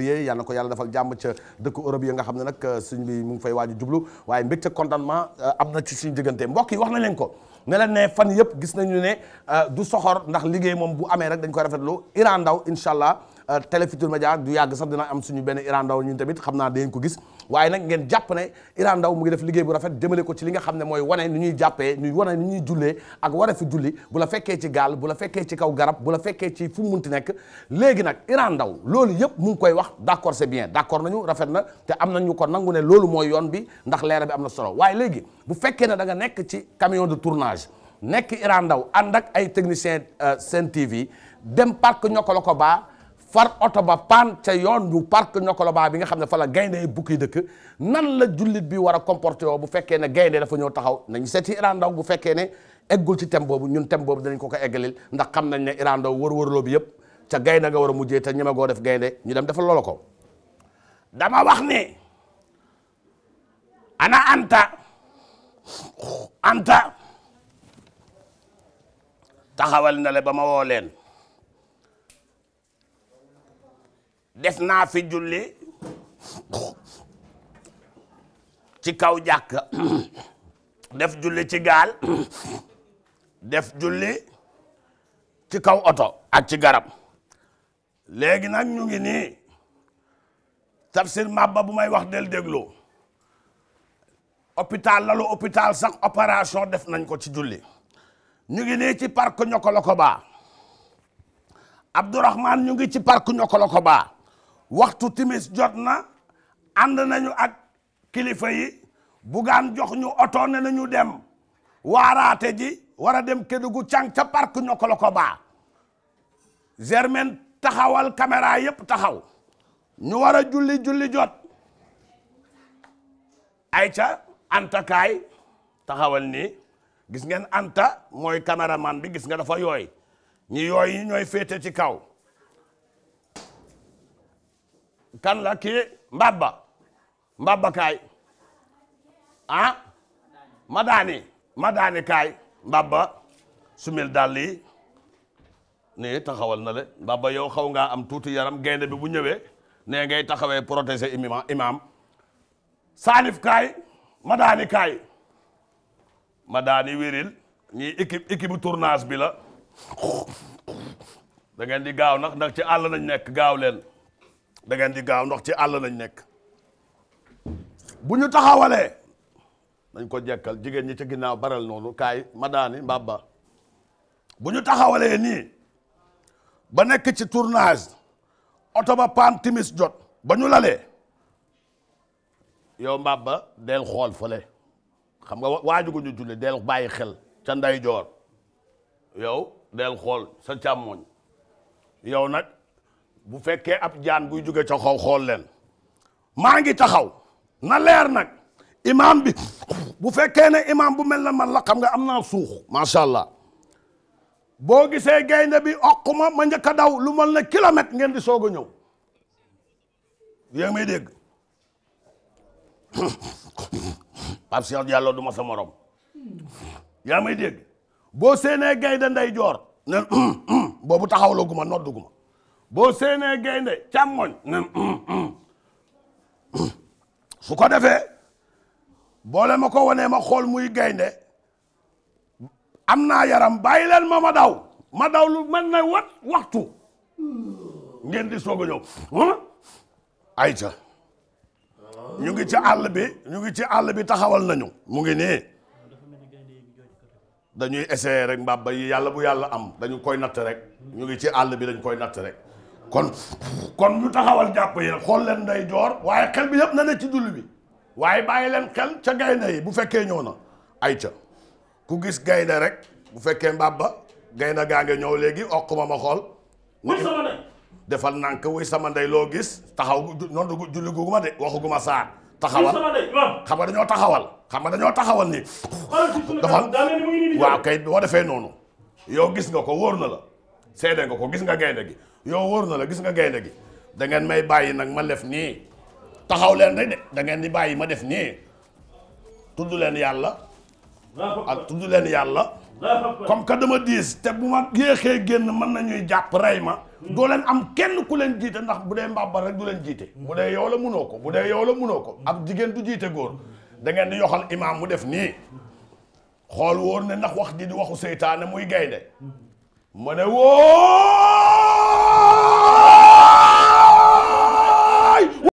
plié yal na ko yàlla dafal jàmm ca dëkku Europe yi nga xam ne nag euh, suñ bi mu ngi fay waaju jublu waaye mbégte contentement euh, am na ci suñu diggante mbokk yi wax na leen ko ne leen ne fan yëpp gis nañu ne euh, du soxor ndax liggéey moom bu amee rek dañ koy rafetlu Iran Ndaw incha allah Télé Futurs du yàgg sax dina am suñu benn Iran Ndaw ñun tamit xam naa dañ ko gis waaye nag ngeen jàpp ne Iran Ndao mu ngi def liggéey bu rafet jëmale ko ci li xam ne mooy wane nu ñuy jàppee nu wane nu ñuy jullee ak war a fi julli bu la fekkee ci gaal bu la fekkee ci kaw garab bu la fekkee ci fu ti nekk léegi nag Iran Ndao loolu yëpp mu ngi koy wax d'accord c'est bien d'accord nañu rafet na te am nañu kon nangu ne loolu mooy yoon bi ndax leera bi am na solo waaye léegi bu fekkee ne danga nekk ci camion de tournage nekk Iran ànd ak ay technicien euh, Sen TV dem parc Niokolo Koba far oto ba paan ca yoon bu parc Niokoloba bi nga xam ne fa la gaynde bukki dëkk nan la jullit bi war a comporté woo bu fekkee ne gaynde dafa ñëw taxaw nañu seeti Iran bu fekkee ne eggul ci thème boobu ñun thème boobu danañ ko ko eggalil ndax xam nañ ne Iran Ndao wër-wërloo bi yëpp ca gaynde nga war a mujjee te ñeme goo def gaynde ñu dem dafa loola ko dama wax ne ana Anta Anta taxawal na le ba ma woo leen des naa fi julli ci kaw jàkk def julli ci gaal def julli ci kaw oto ak ci garab léegi nag ñu ngi ni tafsir mabba bu may wax del déglu hôpital lalu hôpital sax opération def nañ ko ci julli ñu ngi nii ci parc Niokolo-Koba ñu ngi ci parc niokolo waxtu timis jot na ànd nañu ak kilifa yi bugaan jox ñu oto ne nañu dem waaraate ji war a dem Kédougou càng ca parc Niokolo-Koba Germaine taxawal caméra yëpp taxaw ñu war a julli julli jot ayca Anta kaay taxawal nii gis ngeen Anta mooy caméraman bi gis nga dafa yooy ñi yooy yi ñooy féete ci kaw kan la kii Mbaba Mbaba kaay ah Madani Madani kaay Mbaba sumil dàll yi nii taxawal na le Mbaba yow xaw nga am tuuti yaram gaynde bi bu ñëwee nee ngay taxawee protéger imam imam Salif kaay Madani kaay Madani wéril ñii équipe équipe tournage bi la da di gaaw nag ndax ci àll nañ nekk gaaw leen. da ngeen di gaaw ndox ci àll lañ nekk bu ñu taxawalee nañ ko jekkal jigéen ñi ci ginnaaw baral noonu kaay madaani mbabba bu ñu taxawalee nii ba nekk ci tournage oto ba paan timis jot ba ñu lalee yow mbabba del xool fële xam nga waaju ko ñu julli del bàyyi xel ca ndeyjoor yow del xool sa càmmoñ yow nag bu fekkee ab jaan buy jóge ca xaw xool leen maa ngi taxaw na leer nag imaam bi bu fekkee ne imaam bu mel na man la xam nga am naa suux macha allah boo gisee gaynde bi oq ma ma njëkk a daw lu mel ne kilomètre ngeen di soog a ñëw yaa may dégg Pape Cheikh Diallo du ma sa morom yaa may dégg boo seenee gaynde nday joor ne boobu taxaw looguma guma nodduguma boo seenee gaynde càmmoñ na mm, su mm, mm. ko defee boole ma ko wanee ma xool muy gaynde am naa yaram bàyyi leen ma ma daw ma daw lu mel ne wat waxtu ngeen di soog a ay ca ñu ngi ci àll bi ñu ngi ci àll bi taxawal nañu mu ngi nii dañuy ese rek mbàbba yi yàlla bu yàlla am dañu koy natt rek ñu ngi ci àll bi dañ koy natt rek kon kon ñu taxawal jàpp yi xool leen nday joor waaye xel bi yëpp na ne ci julli bi waaye bàyyi leen xel ca gaynde yi bu fekkee ñëw na ay ca ku gis gaynde rek bu fekkee mbàbba gaynde gaa ngi ñëw léegi okk ma xool defal nànk wuy sama ndey loo gis taxaw noonu julli gu ma de waxu gu ma saar taxawal xam nga dañoo taxawal xam nga dañoo taxawal nii defal waaw kay woo defee noonu yow gis nga ko wóor na la seede nga ko gis nga gaynde gi yow wóor na la gis nga gaynde gi da ngeen may bàyyi nag ma def nii taxaw leen rek de da ngeen di bàyyi ma def nii tudd leen yàlla ak tudd leen yàlla comme que dama diis te bu ma yéexee génn mën nañuy jàpp rey ma doo leen am kenn ku leen jiite ndax bu dee mbàbbar rek du leen jiite bu dee yow la munoo ko bu dee yow la munoo ko ab jigéen du jiite góor dangeen ngeen di yoxal imaam mu def nii xool wóor ne ndax wax ji di waxu seytaane muy gaynde mu ne wóor